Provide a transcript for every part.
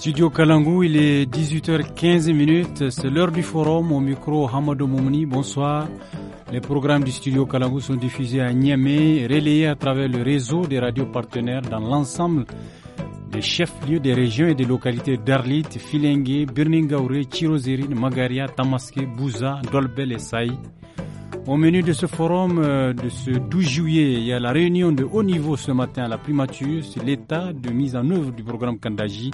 Studio Kalangou, il est 18h15 C'est l'heure du forum au micro Hamadou Moumouni. Bonsoir. Les programmes du Studio Kalangou sont diffusés à Niamey, relayés à travers le réseau des radios partenaires dans l'ensemble des chefs-lieux des régions et des localités d'Arlit, Filengue, Birningaouré, Chirozérine, Magaria, Tamaské, Bouza, Dolbel et Saï. Au menu de ce forum euh, de ce 12 juillet, il y a la réunion de haut niveau ce matin à la primature sur l'état de mise en œuvre du programme Kandaji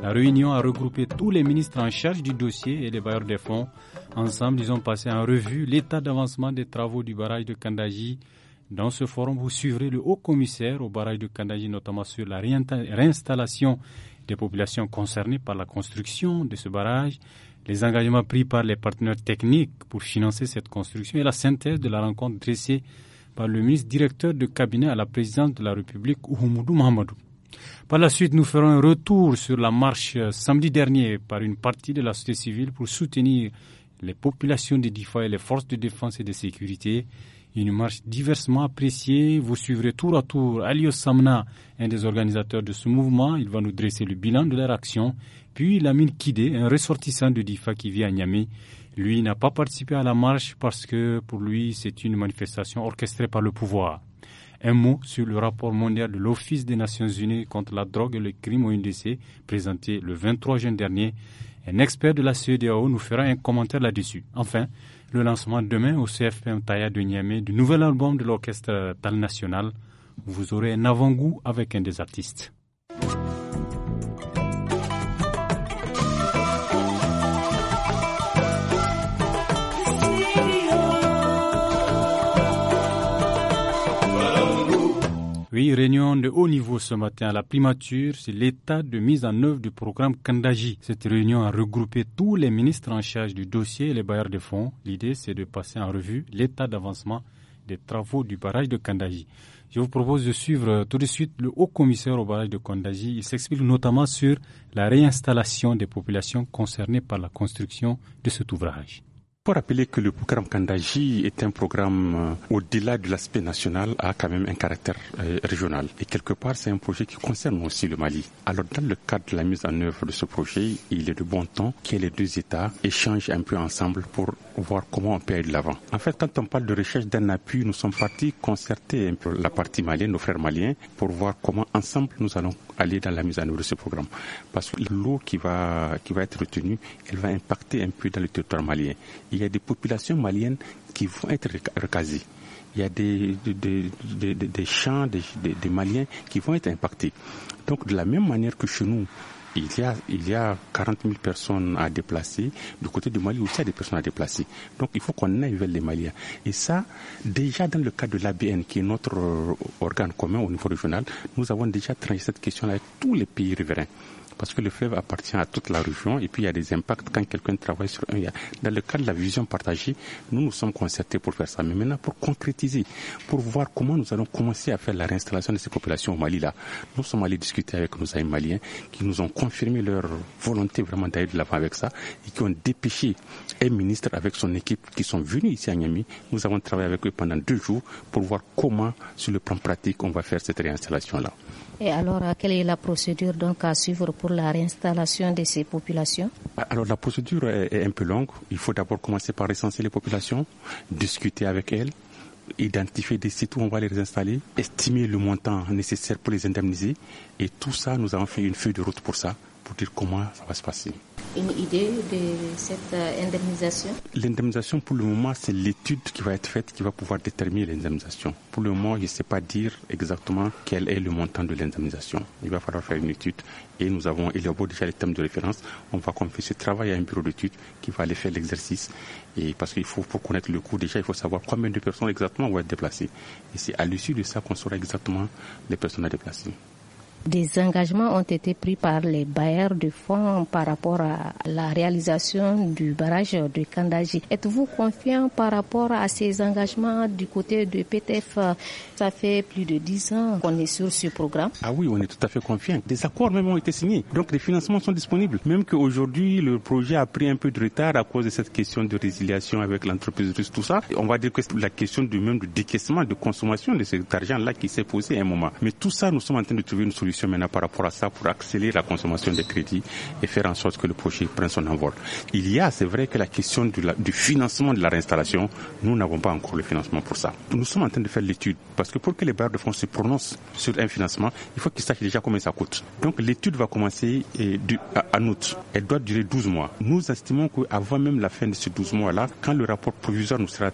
la réunion a regroupé tous les ministres en charge du dossier et les bailleurs des fonds. Ensemble, ils ont passé en revue l'état d'avancement des travaux du barrage de Kandaji. Dans ce forum, vous suivrez le haut commissaire au barrage de Kandaji, notamment sur la réinstallation des populations concernées par la construction de ce barrage, les engagements pris par les partenaires techniques pour financer cette construction et la synthèse de la rencontre dressée par le ministre directeur de cabinet à la présidente de la République, Oumoudou Mahamadou. Par la suite, nous ferons un retour sur la marche samedi dernier par une partie de la société civile pour soutenir les populations de DIFA et les forces de défense et de sécurité. Une marche diversement appréciée. Vous suivrez tour à tour Alios Samna, un des organisateurs de ce mouvement. Il va nous dresser le bilan de leur action. Puis Lamine Kidé, un ressortissant de DIFA qui vit à Niamey. Lui n'a pas participé à la marche parce que pour lui c'est une manifestation orchestrée par le pouvoir un mot sur le rapport mondial de l'Office des Nations Unies contre la drogue et le crime au NDC, présenté le 23 juin dernier. Un expert de la CEDAO nous fera un commentaire là-dessus. Enfin, le lancement demain au CFM Taya de Niamey du nouvel album de l'orchestre Tal National. Vous aurez un avant-goût avec un des artistes. Oui, réunion de haut niveau ce matin à la primature sur l'état de mise en œuvre du programme Kandaji. Cette réunion a regroupé tous les ministres en charge du dossier et les bailleurs de fonds. L'idée, c'est de passer en revue l'état d'avancement des travaux du barrage de Kandaji. Je vous propose de suivre euh, tout de suite le haut commissaire au barrage de Kandaji. Il s'explique notamment sur la réinstallation des populations concernées par la construction de cet ouvrage. Pour rappeler que le programme Kandaji est un programme euh, au-delà de l'aspect national, a quand même un caractère euh, régional. Et quelque part, c'est un projet qui concerne aussi le Mali. Alors, dans le cadre de la mise en œuvre de ce projet, il est de bon temps que les deux États échangent un peu ensemble pour voir comment on peut aller de l'avant. En fait, quand on parle de recherche d'un appui, nous sommes partis concerter un peu la partie malienne, nos frères maliens, pour voir comment ensemble nous allons aller dans la mise en œuvre de ce programme. Parce que l'eau qui va, qui va être retenue, elle va impacter un peu dans le territoire malien il y a des populations maliennes qui vont être recasées. Il y a des, champs des, Maliens qui vont être impactés. Donc de la même manière que chez nous, il y, a, il y 40 000 personnes à déplacer. Du côté du Mali aussi, il y a des personnes à déplacer. Donc, il faut qu'on aille vers les Maliens. Et ça, déjà dans le cas de l'ABN, qui est notre euh, organe commun au niveau régional, nous avons déjà traité cette question avec tous les pays riverains parce que le fleuve appartient à toute la région et puis il y a des impacts quand quelqu'un travaille sur un. Dans le cadre de la vision partagée, nous nous sommes concertés pour faire ça. Mais maintenant, pour concrétiser, pour voir comment nous allons commencer à faire la réinstallation de ces populations au Mali-là, nous sommes allés discuter avec nos amis maliens qui nous ont confirmé leur volonté vraiment d'aller de l'avant avec ça et qui ont dépêché un ministre avec son équipe qui sont venus ici à Niamey. Nous avons travaillé avec eux pendant deux jours pour voir comment, sur le plan pratique, on va faire cette réinstallation-là. Et alors, euh, quelle est la procédure donc à suivre pour la réinstallation de ces populations ah, Alors, la procédure est un peu longue. Il faut d'abord commencer par recenser les populations, discuter avec elles, identifier des sites où on va les réinstaller, estimer le montant nécessaire pour les indemniser. Et tout ça, nous avons fait une feuille de route pour ça, pour dire comment ça va se passer une idée de cette euh, indemnisation L'indemnisation, pour le moment, c'est l'étude qui va être faite qui va pouvoir déterminer l'indemnisation. Pour le moment, je ne sais pas dire exactement quel est le montant de l'indemnisation. Il va falloir faire une étude et nous avons élaboré déjà les thèmes de référence. On va confier ce travail à un bureau d'études qui va aller faire l'exercice. Et parce qu'il faut, connaître le coût, déjà, il faut savoir combien de personnes exactement vont être déplacées. Et c'est à l'issue de ça qu'on saura exactement les personnes à déplacer. Des engagements ont été pris par les bailleurs de fonds par rapport à la réalisation du barrage de Kandaji. Êtes-vous confiant par rapport à ces engagements du côté de PTF Ça fait plus de dix ans qu'on est sur ce programme. Ah oui, on est tout à fait confiant. Des accords même ont été signés. Donc les financements sont disponibles. Même qu'aujourd'hui, le projet a pris un peu de retard à cause de cette question de résiliation avec l'entreprise russe, tout ça. On va dire que la question du même du décaissement, de consommation de cet argent-là qui s'est posée à un moment. Mais tout ça, nous sommes en train de trouver une solution maintenant par rapport à ça pour accélérer la consommation des crédits et faire en sorte que le projet prenne son envol. Il y a, c'est vrai que la question du, du financement de la réinstallation, nous n'avons pas encore le financement pour ça. Nous sommes en train de faire l'étude parce que pour que les bailleurs de fonds se prononcent sur un financement, il faut qu'ils sachent déjà combien ça coûte. Donc l'étude va commencer et euh, à, août. Elle doit durer 12 mois. Nous estimons qu'avant même la fin de ces 12 mois-là, quand le rapport provisoire nous sera euh,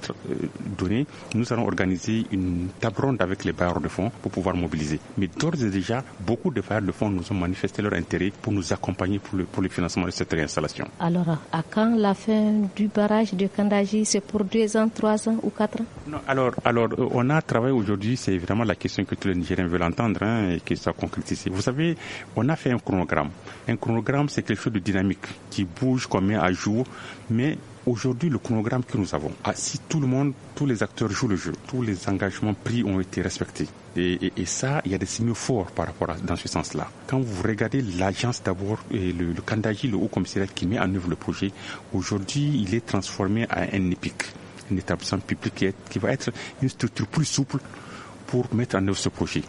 donné, nous allons organiser une table ronde avec les bailleurs de fonds pour pouvoir mobiliser. Mais d'ores et déjà, beaucoup de failles de fonds nous ont manifesté leur intérêt pour nous accompagner pour le, pour le financement de cette réinstallation. Alors, à quand la fin du barrage de Kandaji C'est pour deux ans, trois ans ou quatre ans alors, alors, euh, on a travaillé aujourd'hui, c'est vraiment la question que tous les Nigériens veulent entendre hein, et que ça concrétise. Vous savez, on a fait un chronogramme. Un chronogramme, c'est quelque chose de dynamique qui bouge, qu'on met à jour, mais Aujourd'hui, le chronogramme que nous avons, ah, si tout le monde, tous les acteurs jouent le jeu, tous les engagements pris ont été respectés. Et, ça, il y a des signaux forts par rapport à dans ce sens-là. Quand vous regardez l'agence d'abord, le, le le haut commissariat qui met en œuvre le projet, aujourd'hui, il est transformé en un EPIC, un établissement public qui va être une structure plus souple pour mettre en œuvre ce projet.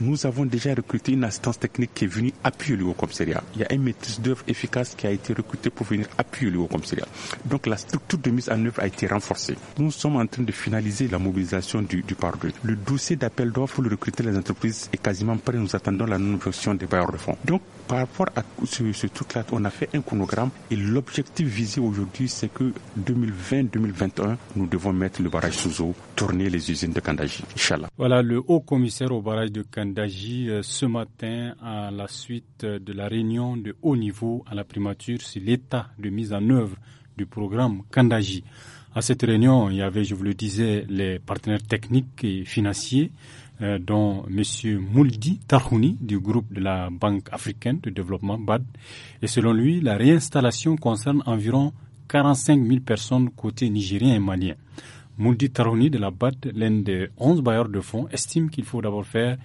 Nous avons déjà recruté une assistance technique qui est venue appuyer le haut commissariat. Il y a une maîtrise d'œuvre efficace qui a été recrutée pour venir appuyer le haut commissariat. Donc la structure de mise en œuvre a été renforcée. Nous sommes en train de finaliser la mobilisation du, du par Le dossier d'appel d'offres pour le recruter les entreprises est quasiment prêt. Nous attendons la nouvelle version des bailleurs de fonds. Donc par rapport à ce, truc-là, on a fait un chronogramme et l'objectif visé aujourd'hui, c'est que 2020-2021, nous devons mettre le barrage sous eau, tourner les usines de Kandaji. Inch'Allah. Voilà le haut commissaire au barrage de Kandaji euh, ce matin à la suite de la réunion de haut niveau à la primature sur l'état de mise en œuvre du programme Kandaji. À cette réunion, il y avait, je vous le disais, les partenaires techniques et financiers, euh, dont M. Mouldi Tarhouni du groupe de la Banque africaine de développement BAD. Et selon lui, la réinstallation concerne environ 45 000 personnes côté nigérien et malien. Muldi Tarhouni de la BAD, l'un des 11 bailleurs de fonds, estime qu'il faut d'abord faire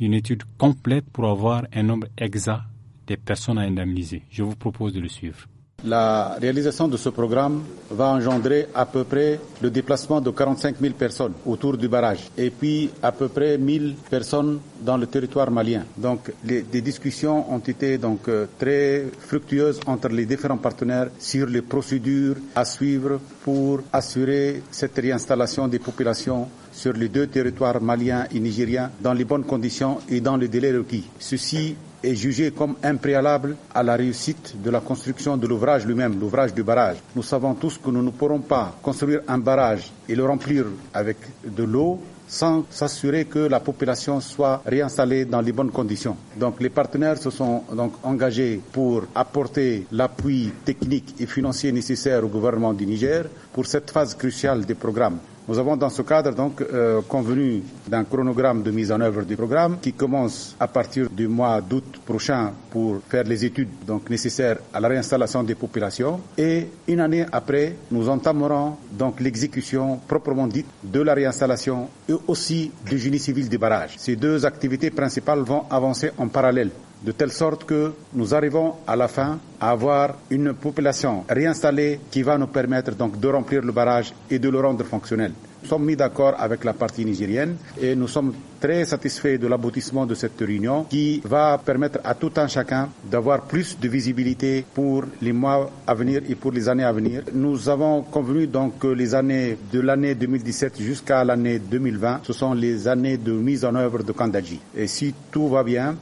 une étude complète pour avoir un nombre exact des personnes à indemniser. Je vous propose de le suivre. La réalisation de ce programme va engendrer à peu près le déplacement de 45 000 personnes autour du barrage et puis à peu près 1000 personnes dans le territoire malien. Donc les, des discussions ont été donc euh, très fructueuses entre les différents partenaires sur les procédures à suivre pour assurer cette réinstallation des populations sur les deux territoires maliens et nigériens dans les bonnes conditions et dans les délais requis. Ceci est jugé comme impréalable à la réussite de la construction de l'ouvrage lui-même, l'ouvrage du barrage. Nous savons tous que nous ne pourrons pas construire un barrage et le remplir avec de l'eau sans s'assurer que la population soit réinstallée dans les bonnes conditions. Donc les partenaires se sont donc engagés pour apporter l'appui technique et financier nécessaire au gouvernement du Niger pour cette phase cruciale des programmes. Nous avons dans ce cadre donc euh, convenu d'un chronogramme de mise en œuvre du programme qui commence à partir du mois d'août prochain pour faire les études donc nécessaires à la réinstallation des populations et une année après nous entamerons donc l'exécution proprement dite de la réinstallation et aussi du génie civil des barrages. Ces deux activités principales vont avancer en parallèle de telle sorte que nous arrivons à la fin à avoir une population réinstallée qui va nous permettre donc de remplir le barrage et de le rendre fonctionnel. Nous sommes mis d'accord avec la partie nigérienne et nous sommes très satisfaits de l'aboutissement de cette réunion qui va permettre à tout un chacun d'avoir plus de visibilité pour les mois à venir et pour les années à venir. Nous avons convenu donc que les années de l'année 2017 jusqu'à l'année 2020, ce sont les années de mise en œuvre de Kandaji. Et si tout va bien,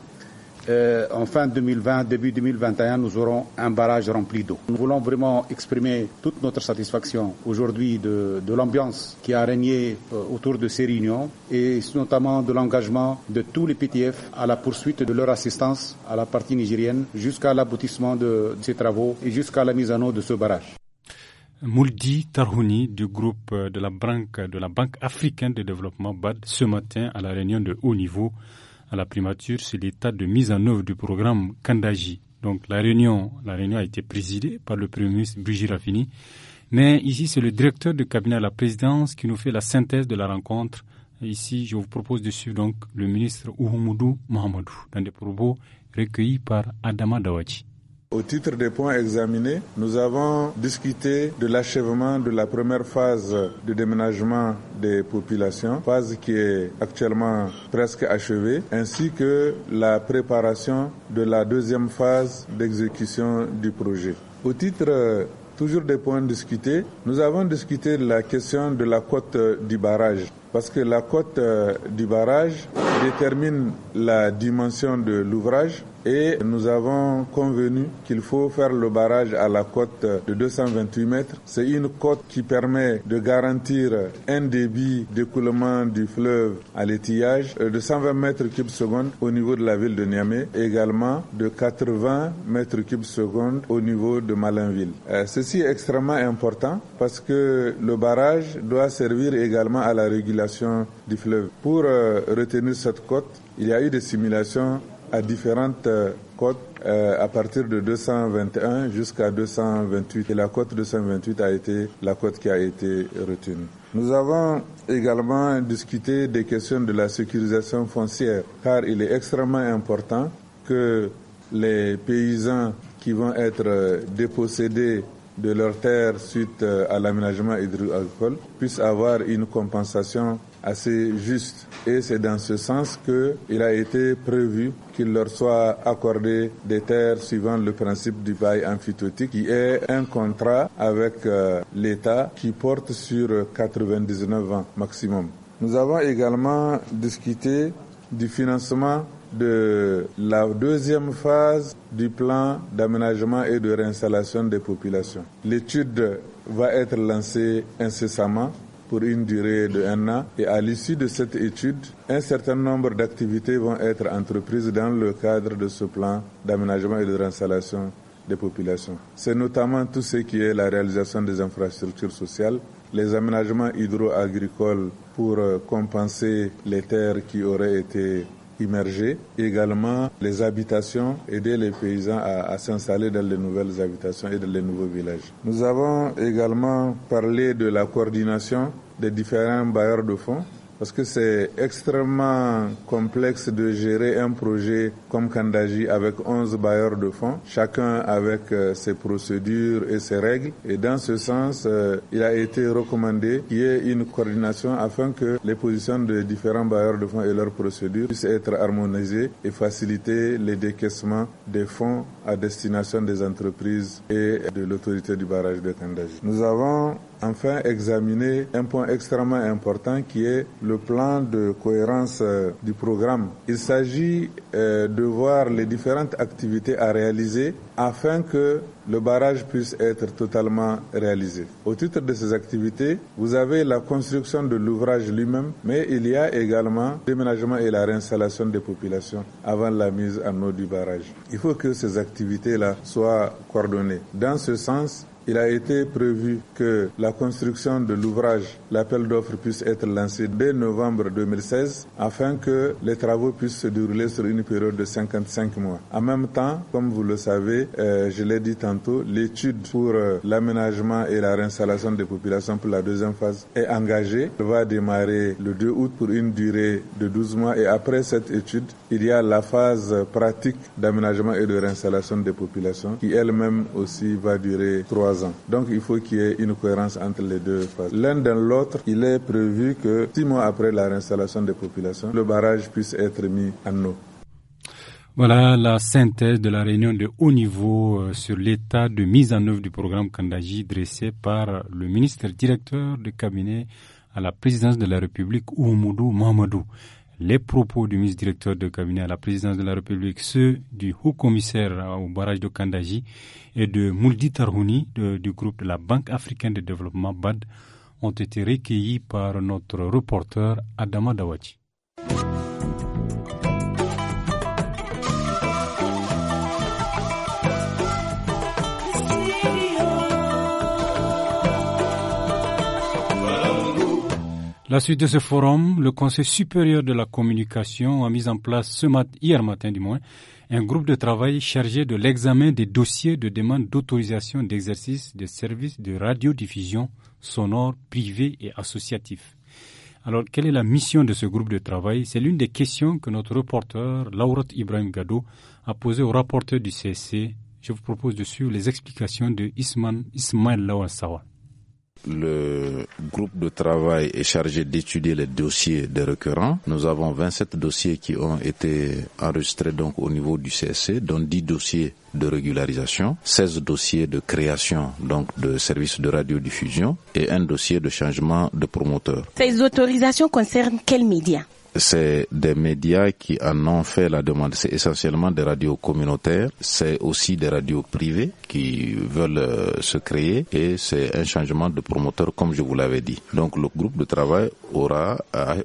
euh, en fin 2020, début 2021, nous aurons un barrage rempli d'eau. Nous voulons vraiment exprimer toute notre satisfaction aujourd'hui de, l'ambiance qui a régné euh, autour de ces réunions et notamment de l'engagement de tous les PTF à la poursuite de leur assistance à la partie nigérienne jusqu'à l'aboutissement de, ces travaux et jusqu'à la mise en eau de ce barrage. Mouldi Tarhouni du groupe de la Banque, de la Banque africaine de développement BAD ce matin à la réunion de haut niveau à la primature sur l'état de mise en œuvre du programme Kandaji. Donc la réunion, la réunion a été présidée par le Premier ministre Brigitte Mais ici, c'est le directeur du cabinet à la présidence qui nous fait la synthèse de la rencontre. Ici, je vous propose de suivre donc le ministre Uhumudu Mohamedou dans des propos recueillis par Adama Dawachi. Au titre des points examinés, nous avons discuté de l'achèvement de la première phase de déménagement des populations, phase qui est actuellement presque achevée, ainsi que la préparation de la deuxième phase d'exécution du projet. Au titre toujours des points discutés, nous avons discuté de la question de la cote du barrage, parce que la cote euh, du barrage détermine la dimension de l'ouvrage et nous avons convenu qu'il faut faire le barrage à la côte de 228 mètres. C'est une côte qui permet de garantir un débit d'écoulement du fleuve à l'étillage euh, de 120 mètres cubes secondes au niveau de la ville de Niamey, également de 80 mètres cubes secondes au niveau de Malinville. Euh, ceci est extrêmement important parce que le barrage doit servir également à la régulation du fleuve. Pour euh, retenir cette côte, il y a eu des simulations à différentes euh, côtes euh, à partir de 221 jusqu'à 228. Et la côte 228 a été la côte qui a été retenue. Nous avons également discuté des questions de la sécurisation foncière, car il est extrêmement important que les paysans qui vont être euh, dépossédés de leurs terres suite à l'aménagement hydroalcool puissent avoir une compensation assez juste. Et c'est dans ce sens qu'il a été prévu qu'il leur soit accordé des terres suivant le principe du bail amphithéotique, qui est un contrat avec euh, l'État qui porte sur 99 ans maximum. Nous avons également discuté du financement de la deuxième phase du plan d'aménagement et de réinstallation des populations. L'étude va être lancée incessamment pour une durée de un an. Et à l'issue de cette étude, un certain nombre d'activités vont être entreprises dans le cadre de ce plan d'aménagement et de réinstallation des populations. C'est notamment tout ce qui est la réalisation des infrastructures sociales, les aménagements hydro-agricoles pour euh, compenser les terres qui auraient été immerger également les habitations, aider les paysans à, à s'installer dans les nouvelles habitations et dans les nouveaux villages. Nous avons également parlé de la coordination des différents bailleurs de fonds parce que c'est extrêmement complexe de gérer un projet comme Kandaji avec 11 bailleurs de fonds, chacun avec euh, ses procédures et ses règles. Et dans ce sens, euh, il a été recommandé qu'il y ait une coordination afin que les positions des différents bailleurs de fonds et leurs procédures puissent être harmonisées et faciliter les décaissements des fonds à destination des entreprises et de l'autorité du barrage de Kandaji. Nous avons enfin examiner un point extrêmement important qui est le plan de cohérence euh, du programme. Il s'agit euh, de voir les différentes activités à réaliser afin que le barrage puisse être totalement réalisé. Au titre de ces activités, vous avez la construction de l'ouvrage lui-même, mais il y a également le déménagement et la réinstallation des populations avant la mise en eau du barrage. Il faut que ces activités-là soient coordonnées. Dans ce sens, il a été prévu que la construction de l'ouvrage, l'appel d'offres, puisse être lancé dès novembre 2016 afin que les travaux puissent se dérouler sur une période de 55 mois. En même temps, comme vous le savez, euh, je l'ai dit tantôt, l'étude pour euh, l'aménagement et la réinstallation des populations pour la deuxième phase est engagée. Elle va démarrer le 2 août pour une durée de 12 mois et après cette étude, il y a la phase pratique d'aménagement et de réinstallation des populations qui elle-même aussi va durer trois ans. Donc il faut qu'il y ait une cohérence entre les deux phases. L'un dans l'autre, il est prévu que six mois après la réinstallation des populations, le barrage puisse être mis en eau. Voilà la synthèse de la réunion de haut niveau euh, sur l'état de mise en œuvre du programme Kandaji dressé par le ministre directeur du cabinet à la présidence de la République, Oumoudou Mamadou les propos du ministre directeur de cabinet à la présidence de la République, ceux du haut commissaire au barrage de Kandaji et de Mouldi Tarhouni du groupe de la Banque africaine de développement BAD ont été recueillis par notre reporter Adama Dawati. La suite de ce forum, le Conseil supérieur de la communication a mis en place ce hier matin du moins un groupe de travail chargé de l'examen des dossiers de demande d'autorisation d'exercice des services de radiodiffusion sonore privée et associatif. Alors, quelle est la mission de ce groupe de travail C'est l'une des questions que notre reporter, Laurent Ibrahim Gado, a posée au rapporteur du CSC. Je vous propose de suivre les explications de Isman, Ismaël le groupe de travail est chargé d'étudier les dossiers des requérants. Nous avons 27 dossiers qui ont été enregistrés donc au niveau du CSC, dont 10 dossiers de régularisation, 16 dossiers de création donc de services de radiodiffusion et un dossier de changement de promoteur. Ces autorisations concernent quels médias c'est des médias qui en ont fait la demande. C'est essentiellement des radios communautaires, c'est aussi des radios privées qui veulent euh, se créer et c'est un changement de promoteur comme je vous l'avais dit. Donc le groupe de travail aura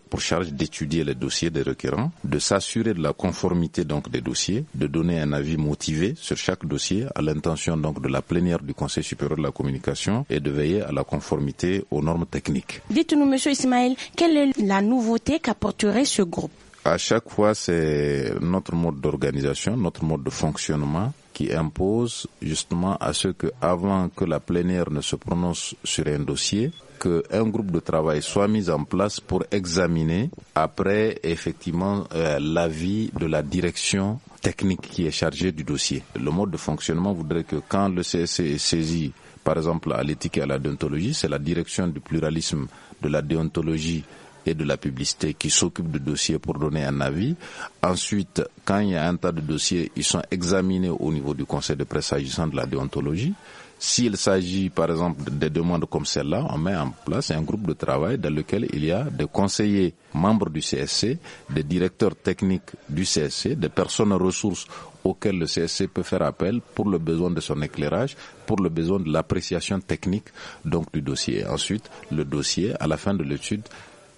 pour charge d'étudier les dossiers des requérants, de s'assurer de la conformité donc des dossiers, de donner un avis motivé sur chaque dossier à l'intention donc de la plénière du Conseil supérieur de la communication et de veiller à la conformité aux normes techniques. Dites-nous monsieur Ismaël, quelle est la nouveauté qu'apporterait ce groupe À chaque fois, c'est notre mode d'organisation, notre mode de fonctionnement qui impose justement à ce que, avant que la plénière ne se prononce sur un dossier, qu'un groupe de travail soit mis en place pour examiner après effectivement euh, l'avis de la direction technique qui est chargée du dossier. Le mode de fonctionnement voudrait que quand le CSC e est saisi, par exemple à l'éthique et à la déontologie, c'est la direction du pluralisme, de la déontologie et de la publicité qui s'occupe de dossiers pour donner un avis. Ensuite, quand il y a un tas de dossiers, ils sont examinés au niveau du conseil de presse s'agissant de la déontologie. S'il s'agit, par exemple, des demandes comme celle-là, on met en place un groupe de travail dans lequel il y a des conseillers membres du CSC, des directeurs techniques du CSC, des personnes ressources auxquelles le CSC peut faire appel pour le besoin de son éclairage, pour le besoin de l'appréciation technique donc du dossier. Ensuite, le dossier, à la fin de l'étude,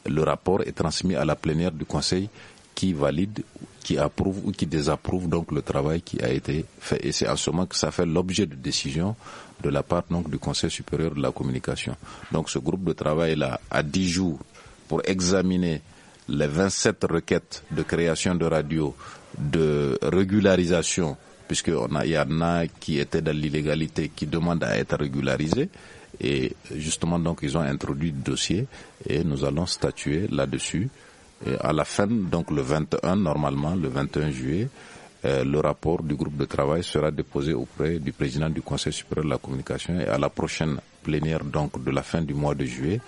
le rapport est transmis à la plénière du Conseil qui valide, qui approuve ou qui désapprouve donc le travail qui a été fait. Et c'est en ce moment que ça fait l'objet de décision de la part donc du Conseil supérieur de la communication. Donc ce groupe de travail là a dix jours pour examiner les 27 requêtes de création de radio, de régularisation, puisqu'il y en a qui étaient dans l'illégalité, qui demandent à être régularisés. Et justement, donc, ils ont introduit le dossier et nous allons statuer là-dessus. à la fin, donc le 21, normalement, le 21 juillet, euh, le rapport du groupe de travail sera déposé auprès du président du Conseil supérieur de la communication et à la prochaine plénière, donc, de la fin du mois de juillet,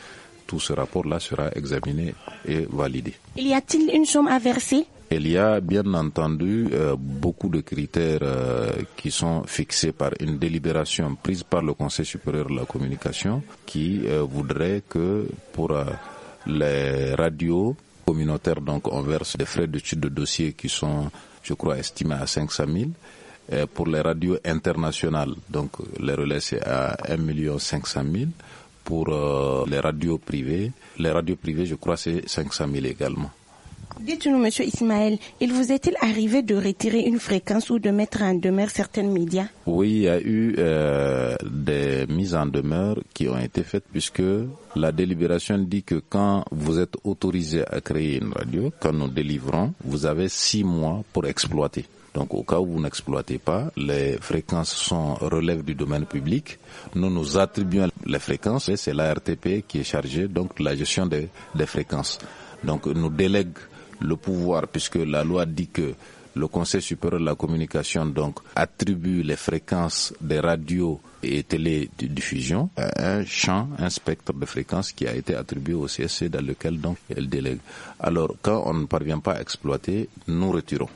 tout ce rapport-là sera examiné et validé. Il y a-t-il une somme à verser il y a bien entendu euh, beaucoup de critères euh, qui sont fixés par une délibération prise par le Conseil supérieur de la communication qui euh, voudrait que pour les radios communautaires, donc on verse des frais d'étude de dossier qui sont, je crois, estimés à 500 000. pour les radios internationales, donc les relais c'est à 1 500 000. Pour les radios privées, les radios privées, je crois, c'est 500 000 également. Dites-nous, Monsieur Ismaël, il vous est-il arrivé de retirer une fréquence ou de mettre en demeure certains médias Oui, il y a eu euh, des mises en demeure qui ont été faites puisque la délibération dit que quand vous êtes autorisé à créer une radio, quand nous délivrons, vous avez six mois pour exploiter. Donc au cas où vous n'exploitez pas, les fréquences sont relèvent du domaine public. Nous nous attribuons les fréquences et c'est l'ARTP qui est chargé donc de la gestion des, des fréquences. Donc nous délègue le pouvoir, puisque la loi dit que le Conseil supérieur de la communication donc attribue les fréquences des radios et télédiffusions à un champ, un spectre de fréquences qui a été attribué au CSC dans lequel donc elle délègue. Alors quand on ne parvient pas à exploiter, nous retirons.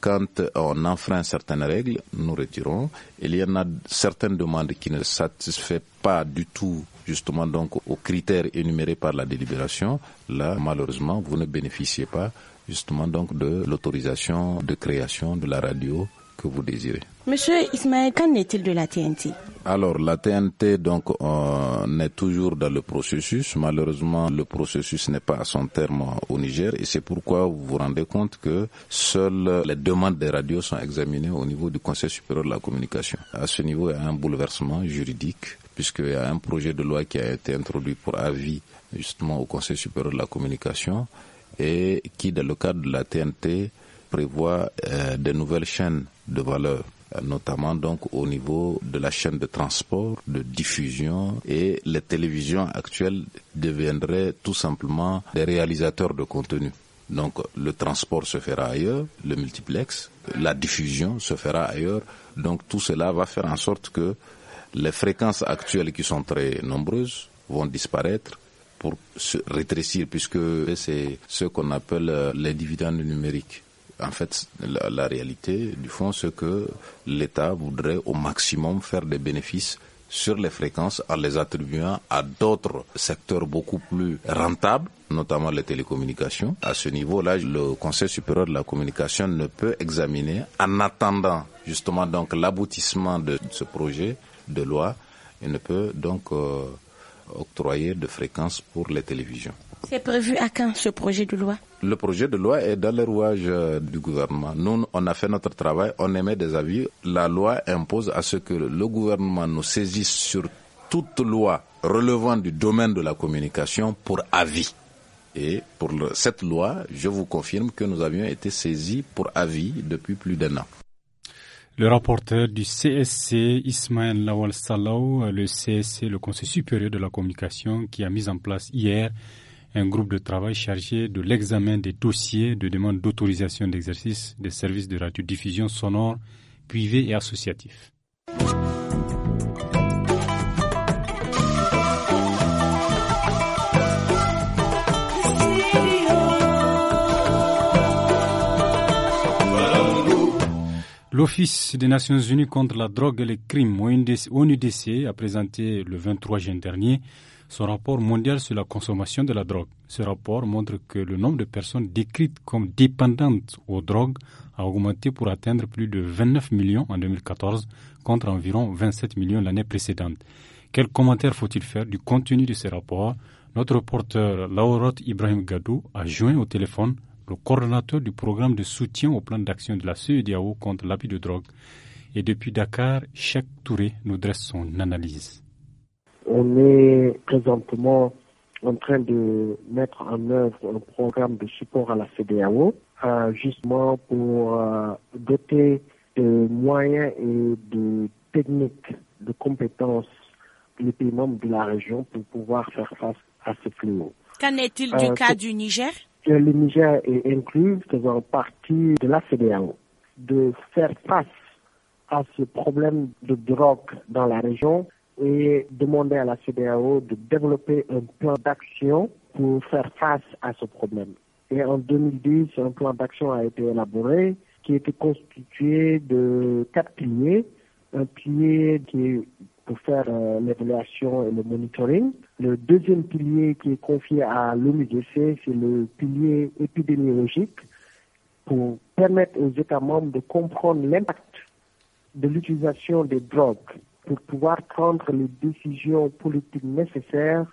Quand on enfreint certaines règles, nous retirons. Il y en a certaines demandes qui ne satisfait pas du tout justement donc aux critères énumérés par la délibération, là malheureusement vous ne bénéficiez pas justement donc de l'autorisation de création de la radio que vous désirez. Monsieur Ismaël, qu'en est-il de la TNT alors, la TNT, donc, on euh, est toujours dans le processus. Malheureusement, le processus n'est pas à son terme au Niger et c'est pourquoi vous vous rendez compte que seules les demandes des radios sont examinées au niveau du Conseil supérieur de la communication. À ce niveau, il y a un bouleversement juridique puisqu'il y a un projet de loi qui a été introduit pour avis justement au Conseil supérieur de la communication et qui, dans le cadre de la TNT, prévoit des euh, de nouvelles chaînes de valeur euh, notamment donc au niveau de la chaîne de transport, de diffusion et les télévisions actuelles deviendraient tout simplement des réalisateurs de contenu. Donc le transport se fera ailleurs, le multiplex, la diffusion se fera ailleurs. Donc tout cela va faire en sorte que les fréquences actuelles qui sont très nombreuses vont disparaître pour se rétrécir puisque c'est ce qu'on appelle euh, les dividendes numériques en fait, la, réalité du fond, c'est que l'État voudrait au maximum faire des bénéfices sur les fréquences en les attribuant à d'autres secteurs beaucoup plus rentables, notamment les télécommunications. À ce niveau-là, le Conseil supérieur de la communication ne peut examiner, en attendant justement donc l'aboutissement de ce projet de loi, il ne peut donc euh, octroyer de fréquences pour les télévisions. C'est prévu à quand ce projet de loi Le projet de loi est dans les rouages euh, du gouvernement. Nous, on a fait notre travail, on émet des avis. La loi impose à ce que le gouvernement nous saisisse sur toute loi relevant du domaine de la communication pour avis. Et pour cette loi, je vous confirme que nous avions été saisis pour avis depuis plus d'un an. Le rapporteur du CSC, Ismaël Lawal Salaw, le CSC, le Conseil supérieur de la communication, qui a mis en place hier un groupe de travail chargé de l'examen des dossiers de demande d'autorisation d'exercice des services de radiodiffusion sonore privés et associatifs. L'Office des Nations Unies contre la drogue et les crimes, ONUDC, a présenté le 23 juin dernier son rapport mondial sur la consommation de la drogue. Ce rapport montre que le nombre de personnes décrites comme dépendantes aux drogues a augmenté pour atteindre plus de 29 millions en 2014 contre environ 27 millions l'année précédente. Quel commentaire faut-il faire du contenu de ce rapport Notre reporter Laorot Ibrahim Gadou a joint au téléphone le coordonnateur du programme de soutien au plan d'action de la CEDAO contre l'abus de drogue. Et depuis Dakar, chaque Touré nous dresse son analyse. On est présentement en train de mettre en œuvre un programme de support à la CDAO, euh, justement pour euh, doter de moyens et de techniques, de compétences les pays membres de la région pour pouvoir faire face à ce fléau. Qu'en est-il du euh, cas du Niger Le Niger est inclus faisant partie de la CDAO. De faire face à ce problème de drogue dans la région, et demander à la CDAO de développer un plan d'action pour faire face à ce problème. Et en 2010, un plan d'action a été élaboré qui était constitué de quatre piliers. Un pilier qui est pour faire euh, l'évaluation et le monitoring. Le deuxième pilier qui est confié à l'OMIGC, c'est le pilier épidémiologique pour permettre aux États membres de comprendre l'impact de l'utilisation des drogues pour pouvoir prendre les décisions politiques nécessaires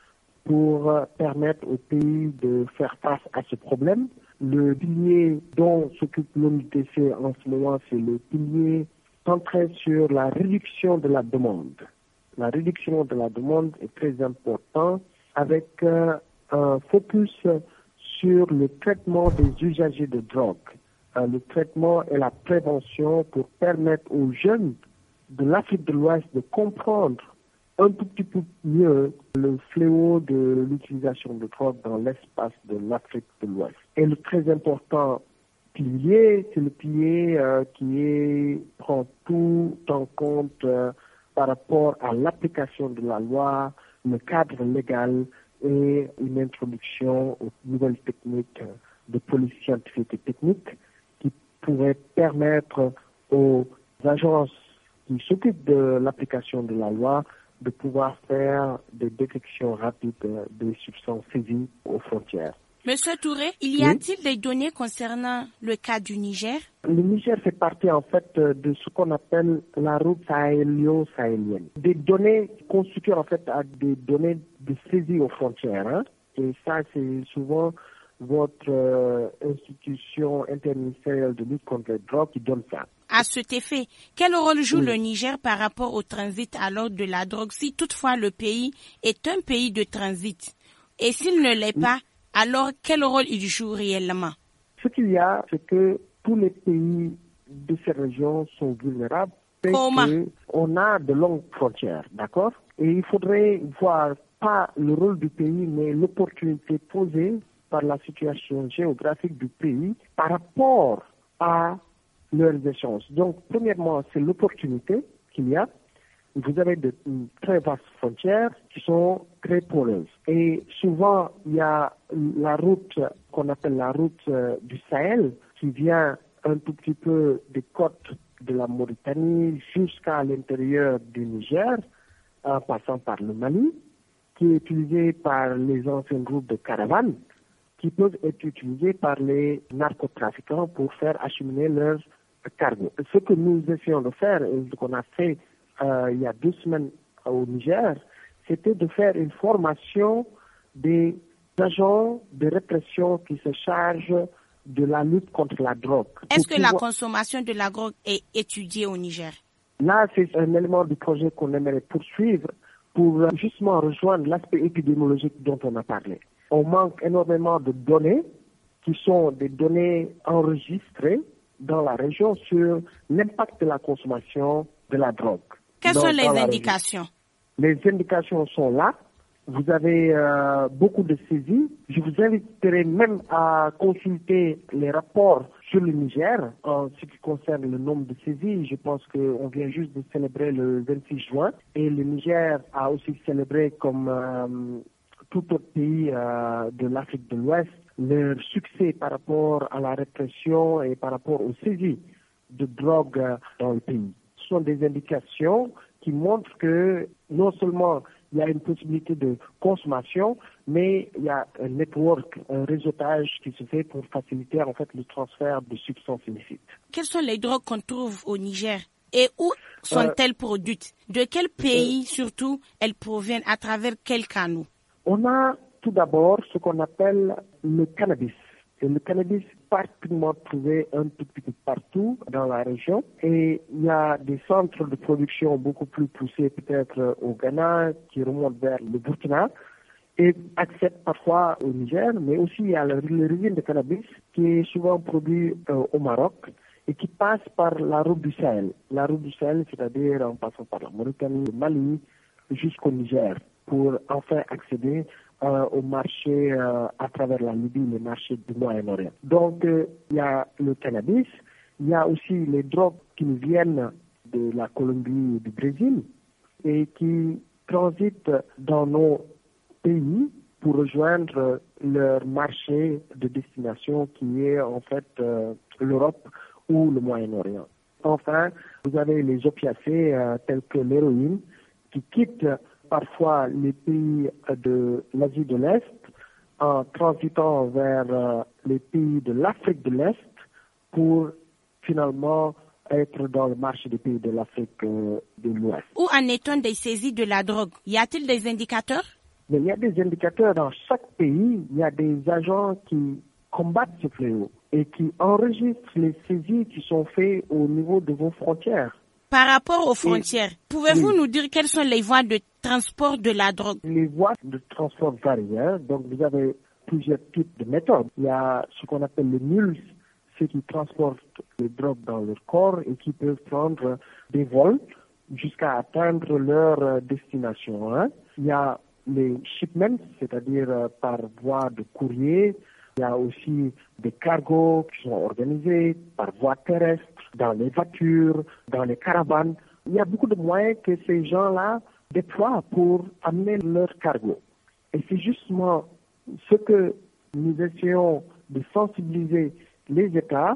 pour euh, permettre au pays de faire face à ce problème. Le pilier dont s'occupe l'OMDC en ce moment, c'est le pilier centré sur la réduction de la demande. La réduction de la demande est très importante avec euh, un focus sur le traitement des usagers de drogue, euh, le traitement et la prévention pour permettre aux jeunes de l'Afrique de l'Ouest de comprendre un tout petit peu mieux le fléau de l'utilisation de drogue dans l'espace de l'Afrique de l'Ouest. Et le très important pilier, c'est le pilier euh, qui prend tout en compte euh, par rapport à l'application de la loi, le cadre légal et une introduction aux nouvelles techniques de police scientifique et technique qui pourraient permettre aux agences qui s'occupe de l'application de la loi de pouvoir faire des détections rapides des substances saisies aux frontières. Monsieur Touré, il y a-t-il des données concernant le cas du Niger Le Niger fait partie en fait de ce qu'on appelle la route sahélio sahélienne Des données constituées en fait à des données de saisie aux frontières. Hein. Et ça, c'est souvent votre euh, institution interministérielle de lutte contre les drogues qui donne ça. À cet effet, quel rôle joue le Niger par rapport au transit alors de la drogue si toutefois le pays est un pays de transit Et s'il ne l'est pas, alors quel rôle il joue réellement Ce qu'il y a, c'est que tous les pays de ces régions sont vulnérables. Comment On a de longues frontières, d'accord Et il faudrait voir pas le rôle du pays, mais l'opportunité posée par la situation géographique du pays par rapport à leurs échanges. Donc, premièrement, c'est l'opportunité qu'il y a. Vous avez de très vastes frontières qui sont très poreuses. Et souvent, il y a la route qu'on appelle la route euh, du Sahel qui vient un tout petit peu des côtes de la Mauritanie jusqu'à l'intérieur du Niger, en passant par le Mali, qui est utilisée par les anciens groupes de caravanes qui peuvent être utilisés par les narcotrafiquants pour faire acheminer leurs cargos. Ce que nous essayons de faire, et euh, ce qu'on a fait euh, il y a deux semaines au Niger, c'était de faire une formation des agents de répression qui se chargent de la lutte contre la drogue. Est-ce que la consommation de la drogue est étudiée au Niger Là, c'est un élément du projet qu'on aimerait poursuivre pour euh, justement rejoindre l'aspect épidémiologique dont on a parlé on manque énormément de données qui sont des données enregistrées dans la région sur l'impact de la consommation de la drogue. Quelles sont les indications Les indications sont là. Vous avez euh, beaucoup de saisies. Je vous inviterai même à consulter les rapports sur le Niger en ce qui concerne le nombre de saisies. Je pense qu'on vient juste de célébrer le 26 juin et le Niger a aussi célébré comme euh, tout autre pays euh, de l'Afrique de l'Ouest, leur succès par rapport à la répression et par rapport au saisie de drogue euh, dans le pays sont des indications qui montrent que non seulement il y a une possibilité de consommation, mais il y a un network, un réseautage qui se fait pour faciliter en fait le transfert de substances illicites. Quelles sont les drogues qu'on trouve au Niger et où sont-elles euh, produites De quel pays surtout elles proviennent À travers quel canot on a tout d'abord ce qu'on appelle le cannabis. le cannabis particulièrement trouvé un tout petit peu partout dans la région. Et il y a des centres de production beaucoup plus poussés peut-être euh, au Ghana, qui remontent vers le Burkina, et acceptent parfois au Niger, mais aussi il y a l'origine de cannabis qui est souvent produit euh, au Maroc et qui passe par la route du Sahel. La route du Sahel, c'est-à-dire en passant par la Mauritanie, le Mali, jusqu'au Niger pour enfin accéder euh, au marché euh, à travers la Libye, le marché du Moyen-Orient. Donc, euh, il y a le cannabis, il y a aussi les drogues qui nous viennent de la Colombie et du Brésil et qui transitent dans nos pays pour rejoindre leur marché de destination qui est en fait l'Europe ou le Moyen-Orient. Enfin, vous avez les opiacés tels que l'héroïne qui quittent parfois les pays de l'Asie de l'Est en transitant vers euh, les pays de l'Afrique de l'Est pour finalement être dans le marché des pays de l'Afrique euh, de l'Ouest. Où en est-on des saisies de la drogue Y a-t-il des indicateurs Mais Il y a des indicateurs dans chaque pays. Il y a des agents qui combattent ce fléau et qui enregistrent les saisies qui sont faites au niveau de vos frontières. Par rapport aux frontières, pouvez-vous nous dire quelles sont les voies de transport de la drogue Les voies de transport varient. Hein. Donc vous avez plusieurs types de méthodes. Il y a ce qu'on appelle les mules, ceux qui transportent les drogues dans leur corps et qui peuvent prendre des vols jusqu'à atteindre leur euh, destination. Hein. Il y a les shipments, c'est-à-dire euh, par voie de courrier. Il y a aussi des cargos qui sont organisés par voie terrestre, dans les voitures, dans les caravanes. Il y a beaucoup de moyens que ces gens-là des pour amener leur cargo. Et c'est justement ce que nous essayons de sensibiliser les États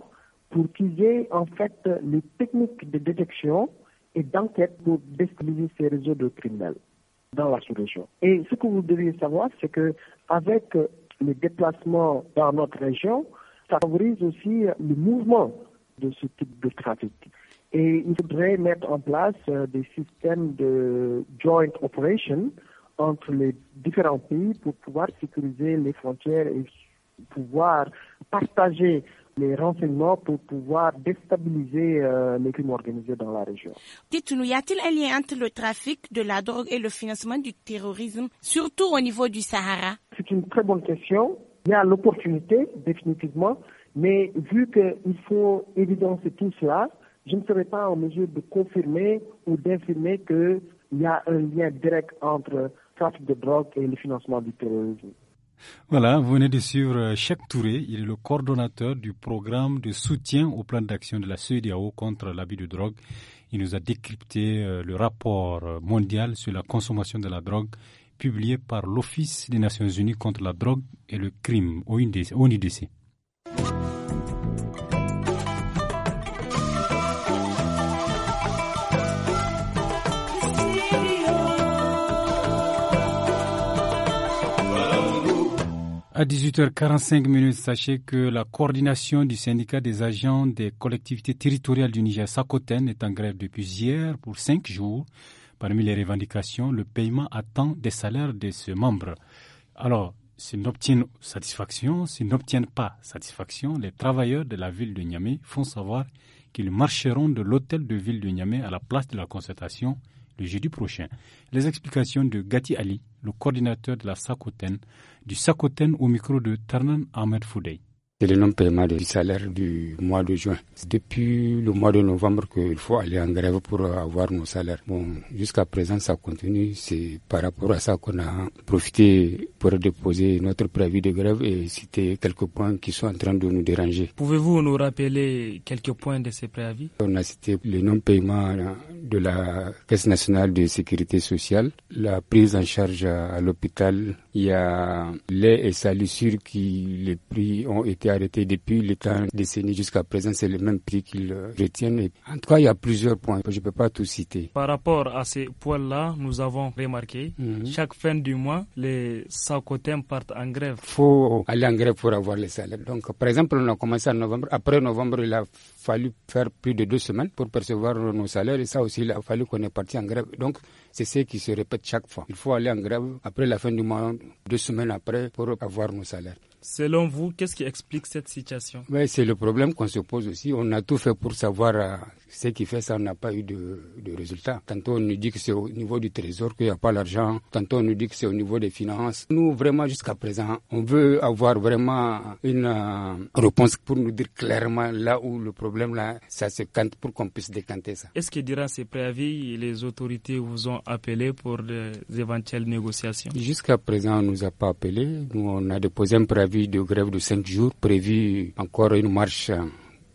pour qu'ils aient en fait les techniques de détection et d'enquête pour déstabiliser ces réseaux de criminels dans la sous-région. Et ce que vous devez savoir, c'est que avec les déplacements dans notre région, ça favorise aussi le mouvement de ce type de trafic. Et il faudrait mettre en place euh, des systèmes de joint operation entre les différents pays pour pouvoir sécuriser les frontières et pouvoir partager les renseignements pour pouvoir déstabiliser euh, les crimes organisés dans la région. Dites-nous, y a-t-il un lien entre le trafic de la drogue et le financement du terrorisme, surtout au niveau du Sahara C'est une très bonne question. Il y a l'opportunité, définitivement, mais vu qu'il faut évidencer tout cela, je ne serai pas en mesure de confirmer ou d'infirmer qu'il y a un lien direct entre trafic de drogue et le financement du terrorisme. Voilà, vous venez de suivre euh, Cheikh Touré. Il est le coordonnateur du programme de soutien au plan d'action de la CEDEAO contre l'abus de drogue. Il nous a décrypté euh, le rapport euh, mondial sur la consommation de la drogue publié par l'Office des Nations Unies contre la drogue et le crime, ONIDC. À 18h45, sachez que la coordination du syndicat des agents des collectivités territoriales du Niger Sakoten est en grève depuis hier pour cinq jours. Parmi les revendications, le paiement à temps des salaires de ses membres. Alors, s'ils n'obtiennent satisfaction, s'ils n'obtiennent pas satisfaction, les travailleurs de la ville de Niamey font savoir qu'ils marcheront de l'hôtel de ville de Niamey à la place de la concertation le jeudi prochain, les explications de Gati Ali, le coordinateur de la Sakoten, du Sakoten au micro de Tarnan Ahmed Foudey. C'est le non-paiement du salaire du mois de juin. C'est depuis le mois de novembre qu'il faut aller en grève pour avoir nos salaires. Bon, jusqu'à présent, ça continue. C'est par rapport à ça qu'on a profité pour déposer notre préavis de grève et citer quelques points qui sont en train de nous déranger. Pouvez-vous nous rappeler quelques points de ces préavis On a cité le non-paiement de la Caisse nationale de sécurité sociale, la prise en charge à l'hôpital. Il y a lait et salut qui les prix ont été été arrêté depuis les temps décennie jusqu'à présent, c'est le même prix qu'ils euh, retiennent. en tout cas, il y a plusieurs points je ne peux pas tout citer. Par rapport à ces points-là, nous avons remarqué, mhm. chaque fin du mois, les sacotins partent en grève. Il faut aller en grève pour avoir les salaires. Donc, par exemple, on a commencé en novembre. Après novembre, il a fallu faire plus de deux semaines pour percevoir nos salaires. Et ça aussi, il a fallu qu'on ait parti en grève. Donc, c'est ce qui se répète chaque fois. Il faut aller en grève après la fin du mois, deux semaines après, pour avoir nos salaires. Selon vous, qu'est-ce qui explique cette situation c'est le problème qu'on se pose aussi. On a tout fait pour savoir euh, ce qui fait ça, on n'a pas eu de, de résultats. Tantôt, on nous dit que c'est au niveau du trésor qu'il n'y a pas l'argent. Tantôt, on nous dit que c'est au niveau des finances. Nous, vraiment, jusqu'à présent, on veut avoir vraiment une euh, réponse pour nous dire clairement là où le problème, là, ça se cante pour qu'on puisse décanter ça. Est-ce que durant ces préavis, les autorités vous ont appelé pour des éventuelles négociations Jusqu'à présent, on ne nous a pas appelé. Nous, on a déposé un préavis de grève de cinq jours, prévu encore une marche euh,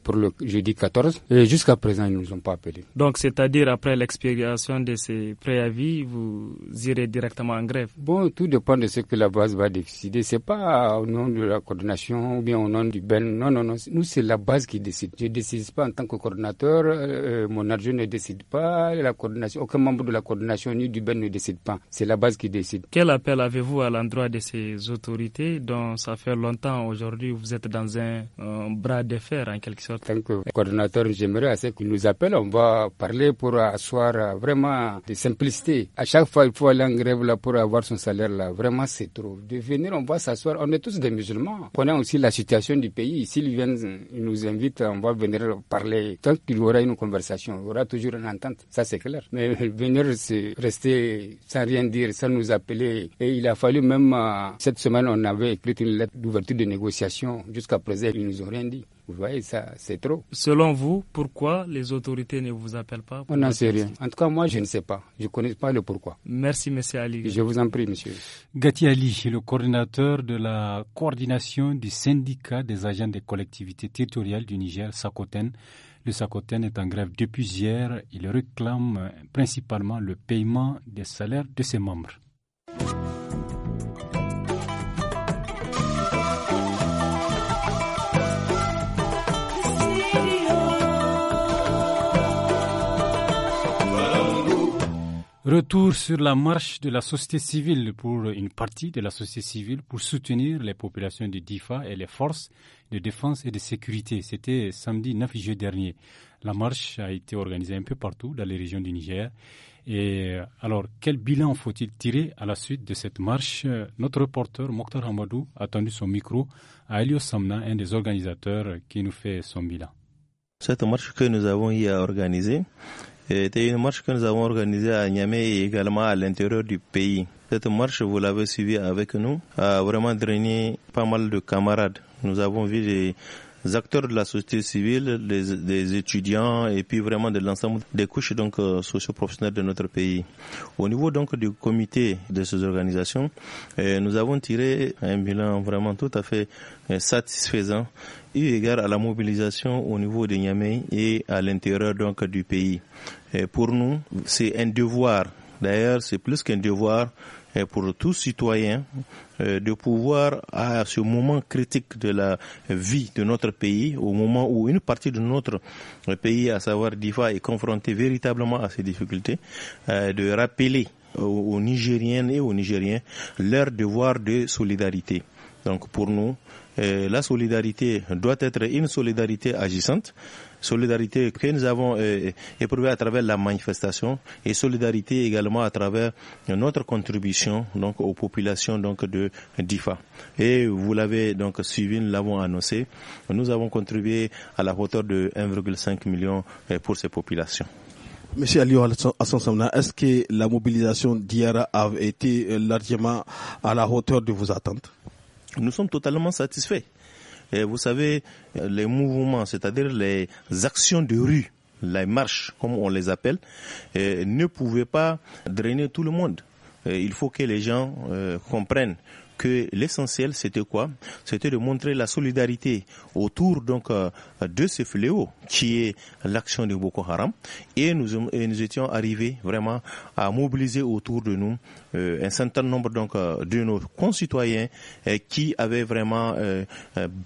pour le jeudi 14. Et jusqu'à présent, ils ne nous ont pas appelés. Donc, c'est-à-dire après l'expiration de ces préavis, vous irez directement en grève Bon, tout dépend de ce que la base va décider. C'est pas au nom de la coordination ou bien au nom du BEN. Non, non, non. Nous, c'est la base qui décide. Je ne décide pas en tant que coordinateur. Euh, mon argent ne décide pas. La coordination, aucun membre de la coordination ni du BEN ne décide pas. C'est la base qui décide. Quel appel avez-vous à l'endroit de ces autorités dont ça fait longtemps aujourd'hui vous êtes dans un, un bras de fer en quelque sorte en tant que coordonnateur, j'aimerais assez qu'il nous appelle. On va parler pour asseoir euh, vraiment de simplicité. À chaque fois, il faut aller en grève là pour avoir son salaire là. Vraiment, c'est trop. De venir, on va s'asseoir. On est tous des musulmans. Prenez aussi la situation du pays. S'ils viennent, ils nous invitent, on va venir parler. Tant qu'il y aura une conversation, il y aura toujours une entente. Ça, c'est clair. Mais venir c'est rester sans rien dire, sans nous appeler. Et il a fallu même, euh, cette semaine, on avait écrit une lettre d'ouverture de négociation. Jusqu'à présent, ils nous ont rien dit. Vous voyez, c'est trop. Selon vous, pourquoi les autorités ne vous appellent pas On n'en sait rien. En tout cas, moi, je ne sais pas. Je ne connais pas le pourquoi. Merci, monsieur Ali. Je vous en prie, monsieur. Gati Ali, le coordinateur de la coordination du syndicat des agents des collectivités territoriales du Niger, Sakoten. Le Sakoten est en grève depuis hier. Il réclame principalement le paiement des salaires de ses membres. Retour sur la marche de la société civile pour une partie de la société civile pour soutenir les populations de DIFA et les forces de défense et de sécurité. C'était samedi 9 juillet dernier. La marche a été organisée un peu partout dans les régions du Niger. Et euh, alors, quel bilan faut-il tirer à la suite de cette marche Notre reporter Mokhtar Hamadou a tendu son micro à Elio Samna, un des organisateurs qui nous fait son bilan. Cette marche que nous avons hier organisée c'était euh, une marche que nous avons organisée à Niamey et également à l'intérieur du pays. Cette marche, vous l'avez suivie avec nous, a vraiment drainé pas mal de camarades. Nous avons vu des les acteurs de la société civile, des, des étudiants et puis vraiment de l'ensemble des couches donc euh, socio-professionnelles de notre pays. Au niveau donc du comité de ces organisations, euh, nous avons tiré un bilan vraiment tout à fait satisfaisant eu égard à la mobilisation au niveau de Niamey et à l'intérieur donc du pays pour nous, c'est un devoir. D'ailleurs, c'est plus qu'un devoir pour tous citoyens euh, de pouvoir, à ce moment critique de la vie de notre pays, au moment où une partie de notre pays, à savoir DIFA, est confrontée véritablement à ces difficultés, euh, de rappeler aux Nigériens et aux Nigériens leur devoir de solidarité. Donc pour nous, euh, la solidarité doit être une solidarité agissante, solidarité que nous avons euh, euh, éprouvée à travers la manifestation et solidarité également à travers notre contribution donc aux populations donc de DIFA. Et vous l'avez donc suivi, nous l'avons annoncé, nous avons contribué à la hauteur de 1,5 million euh, pour ces populations. Monsieur Aliou Assansamna, est-ce que la mobilisation d'hier a été largement à la hauteur de vos attentes Nous sommes totalement satisfaits. Et vous savez, les mouvements, c'est-à-dire les actions de rue, les marches, comme on les appelle, ne pouvaient pas drainer tout le monde. il faut que les gens euh, comprennent que l'essentiel c'était quoi C'était de montrer la solidarité autour donc euh, de ce fléau qui est l'action de Boko Haram et nous, nous étions arrivés vraiment à mobiliser autour de nous euh, un certain nombre donc euh, de nos concitoyens qui avaient vraiment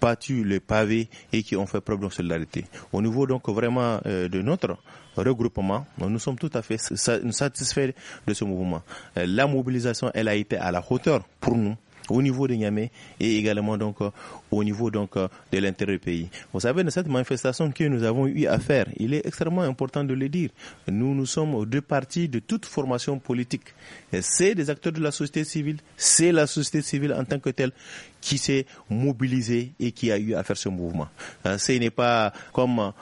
battu le pavé et qui ont fait preuve de solidarité. Au niveau donc vraiment de notre regroupement, nous sommes tout à fait satisfaits de ce mouvement. La mobilisation, elle a été à la hauteur pour nous au niveau de Niamey et également donc euh, au niveau donc euh, de l'intérieur du pays. Vous savez, dans cette manifestation que nous avons eu à faire, il est extrêmement important de le dire. Nous, nous sommes deux parties de toute formation politique. C'est des acteurs de la société civile, c'est la société civile en tant que telle qui s'est mobilisée et qui a eu à faire ce mouvement. Euh, ce n'est pas comme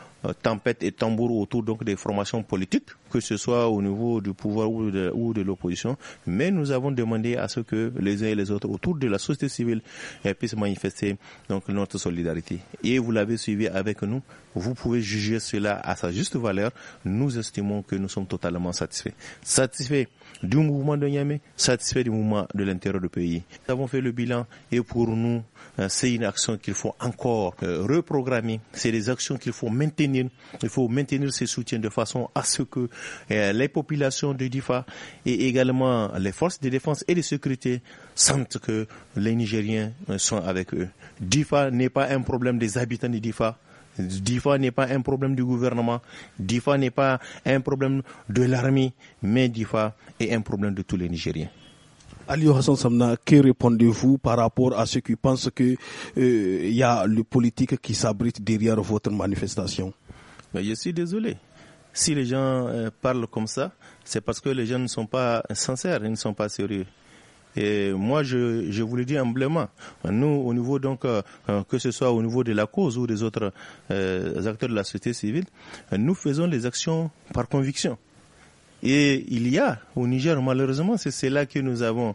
tempête et tambour autour donc des formations politiques que ce soit au niveau du pouvoir ou de, l'opposition, mais nous avons demandé à ce que les uns et les autres autour de la société civile eh, puissent manifester donc notre solidarité. Et vous l'avez suivi avec nous. Vous pouvez juger cela à sa juste valeur. Nous estimons que nous sommes totalement satisfaits. Satisfaits du mouvement de Niamey, satisfaits du mouvement de l'intérieur du pays. Nous avons fait le bilan et pour nous, euh, c'est une action qu'il faut encore euh, reprogrammer. C'est des actions qu'il faut maintenir. Il faut maintenir ces soutiens de façon à ce que euh, les populations de Difa et également les forces de défense et de sécurité sentent que les Nigériens euh, sont avec eux. Difa n'est pas un problème des habitants de Difa. Difa n'est pas un problème du gouvernement, Difa n'est pas un problème de l'armée, mais Difa est un problème de tous les Nigériens. Ali Hassan Samna, que répondez-vous par rapport à ceux qui pensent qu'il euh, y a le politique qui s'abrite derrière votre manifestation Je suis désolé. Si les gens euh, parlent comme ça, c'est parce que les gens ne sont pas sincères, ils ne sont pas sérieux. Et moi, je, vous le dis humblement, nous, au niveau donc, euh, euh, que ce soit au niveau de la cause ou des autres acteurs de la société civile, nous faisons les actions par conviction. Et il y a au Niger, malheureusement, c'est là que nous avons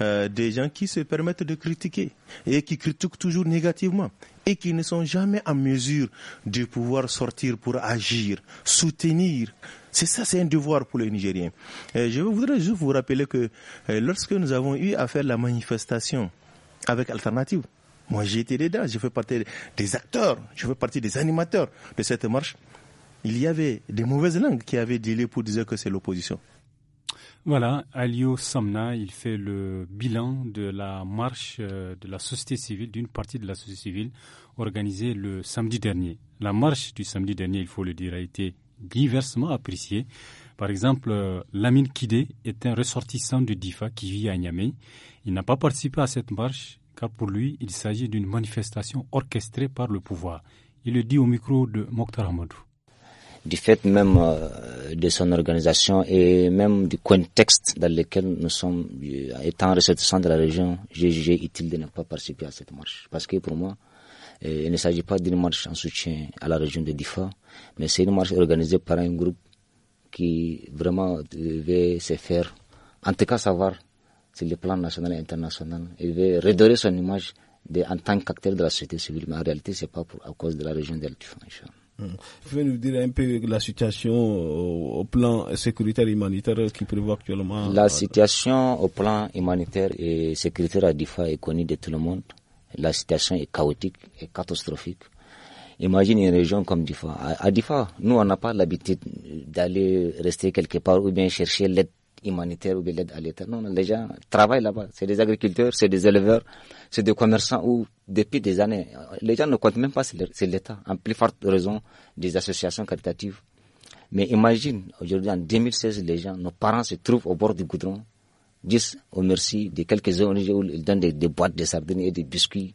des gens qui se permettent de critiquer et qui critiquent toujours négativement et qui ne sont jamais en mesure de pouvoir sortir pour agir, soutenir. C'est ça, c'est un devoir pour les Nigériens. Euh, je voudrais juste vous rappeler que euh, lorsque nous avons eu à faire la manifestation avec Alternative, moi j'ai été dedans, je fais partie des acteurs, je fais partie des animateurs de cette marche. Il y avait des mauvaises langues qui avaient délai pour dire que c'est l'opposition. Voilà, Alio Samna, il fait le bilan de la marche euh, de la société civile, d'une partie de la société civile organisée le samedi dernier. La marche du samedi dernier, il faut le dire, a été diversement appréciée. Par exemple, euh, Lamine Kidé est un ressortissant de DIFA qui vit à Niamey. Il n'a pas participé à cette marche car pour lui, il s'agit d'une manifestation orchestrée par le pouvoir. Il le dit au micro de Mokhtar Hamadou du fait même euh, de son organisation et même du contexte dans lequel nous sommes, euh, étant ressortissants de la région, j'ai jugé utile de ne pas participer à cette marche. Parce que pour moi, euh, il ne s'agit pas d'une marche en soutien à la région de Difa, mais c'est une marche organisée par un groupe qui vraiment veut se faire, en tout cas savoir sur le plan national et international, et veut redorer son image de, en tant qu'acteur de la société civile. Mais en réalité, c'est pas pour, à cause de la région de Difa. Vous pouvez nous dire un peu la situation au plan sécuritaire et humanitaire qui prévoit actuellement La euh, situation au plan humanitaire et sécuritaire à Difa est connue de tout le monde. La situation est chaotique et catastrophique. Imagine une région comme Difa. À Difa, nous, on n'a pas l'habitude d'aller rester quelque part ou bien chercher l'aide humanitaire ou de l'aide à l'État. Non, les gens travaillent là-bas. C'est des agriculteurs, c'est des éleveurs, c'est des commerçants où, depuis des années, les gens ne comptent même pas, c'est l'État. En plus forte raison, des associations caritatives. Mais imagine, aujourd'hui, en 2016, les gens, nos parents se trouvent au bord du goudron, disent au merci de quelques ONG où ils donnent des, des, boîtes de sardines et des biscuits.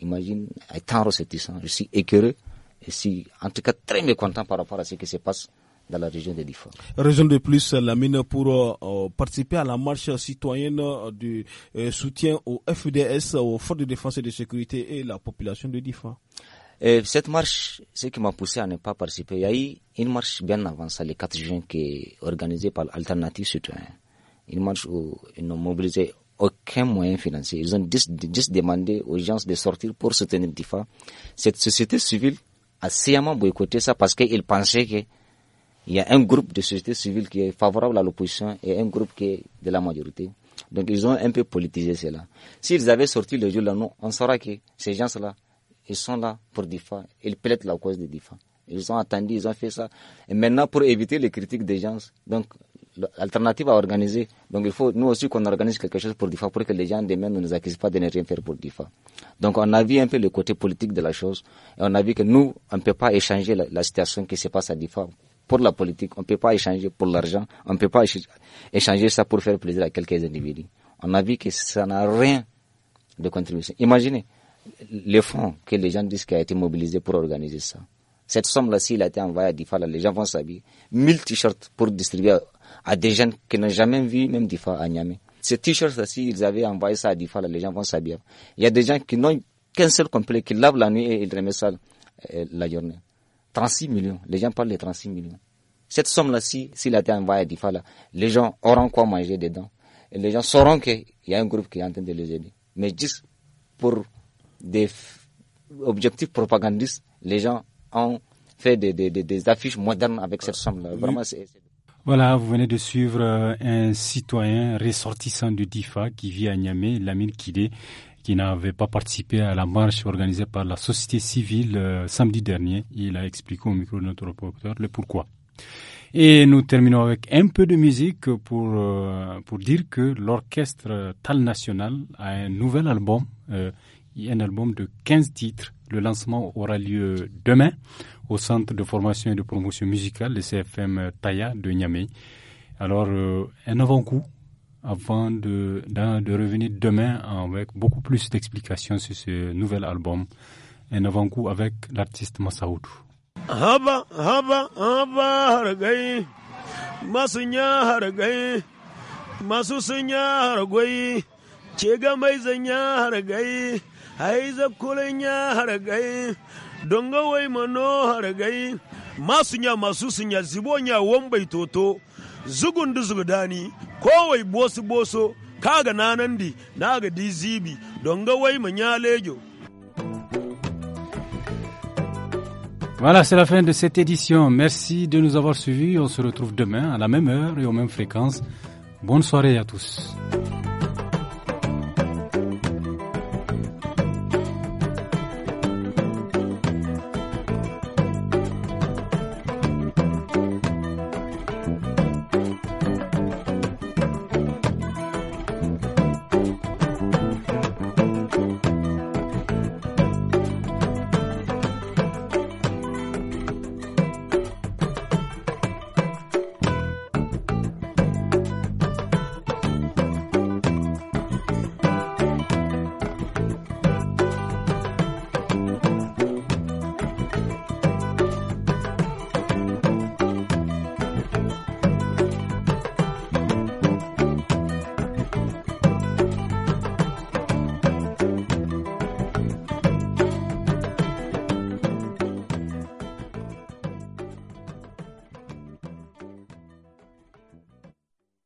Imagine, étant ressortissant, je suis écœuré, je suis en tout cas très mécontent par rapport à ce qui se passe dans la région de Diffa. Région de plus, la mine pour euh, euh, participer à la marche citoyenne euh, du soutien au FDS, au forces de défense et de sécurité et la population de Diffa. cette marche, ce qui m'a poussé à ne pas participer, il y a eu une marche bien avant ça, le 4 juin, qui est organisée par l'Alternative Citoyen. Une marche où ils n'ont mobilisé aucun moyen financier. Ils ont juste, demandé aux gens de sortir pour soutenir DIFA. Cette société civile a sciemment boycotté ça parce qu'ils pensaient que il y a un groupe de société civile qui est favorable à l'opposition et un groupe qui est de la majorité. Donc ils ont un peu politisé cela. S'ils avaient sorti le jour là, nous, on saura que ces gens-là, ils sont là pour DIFA, ils plaident la cause de DIFA. Ils ont attendu, ils ont fait ça. Et maintenant, pour éviter les critiques des gens, donc l'alternative à organiser, donc il faut nous aussi qu'on organise quelque chose pour DIFA, pour que les gens demain ne nous accusent pas de ne rien faire pour DIFA. Donc on a vu un peu le côté politique de la chose, et on a vu que nous, on ne peut pas échanger la, la situation qui se passe à DIFA pour la politique, on ne peut pas échanger pour l'argent, on ne peut pas échanger ça pour faire plaisir à quelques individus. On a vu que ça n'a rien de contribution. Imaginez les fonds que les gens disent qui a été mobilisé pour organiser ça. Cette somme-là, s'il a été envoyée à Difa, les gens vont s'habiller. 1000 t-shirts pour distribuer à des jeunes qui n'ont jamais vu même Difa à Niamey. Ces t-shirts-là, s'ils avaient envoyé ça à Difa, les gens vont s'habiller. Il y a des gens qui n'ont qu'un seul complet, qui lavent la nuit et ils remettent ça euh, la journée. 36 millions. Les gens parlent de 36 millions. Cette somme-là, si, la terre été à Difa, les gens auront quoi manger dedans. les gens sauront qu'il y a un groupe qui est en train de les aider. Mais juste pour des objectifs propagandistes, les gens ont fait des, affiches modernes avec cette somme-là. Voilà, vous venez de suivre euh, un citoyen ressortissant du DIFA qui vit à Niamey, Lamine Kidé, qui n'avait pas participé à la marche organisée par la société civile euh, samedi dernier. Il a expliqué au micro de notre reporter le pourquoi. Et nous terminons avec un peu de musique pour, euh, pour dire que l'orchestre Tal National a un nouvel album, a euh, un album de 15 titres. Le lancement aura lieu demain au Centre de formation et de promotion musicale, le CFM Taya de Niamey. Alors, un avant-goût avant de, de, de revenir demain avec beaucoup plus d'explications sur ce nouvel album. Un avant-goût avec l'artiste Masaoud. haba haba haba hargai masunya hargai masusunya, sunya hargai ce ga zanya hargai haiza kulanya hargai donga wai mano hargai masunya masusunya, sunya zibonya wambai toto voilà, c'est la fin de cette édition. Merci de nous avoir suivis. On se retrouve demain à la même heure et aux mêmes fréquences. Bonne soirée à tous.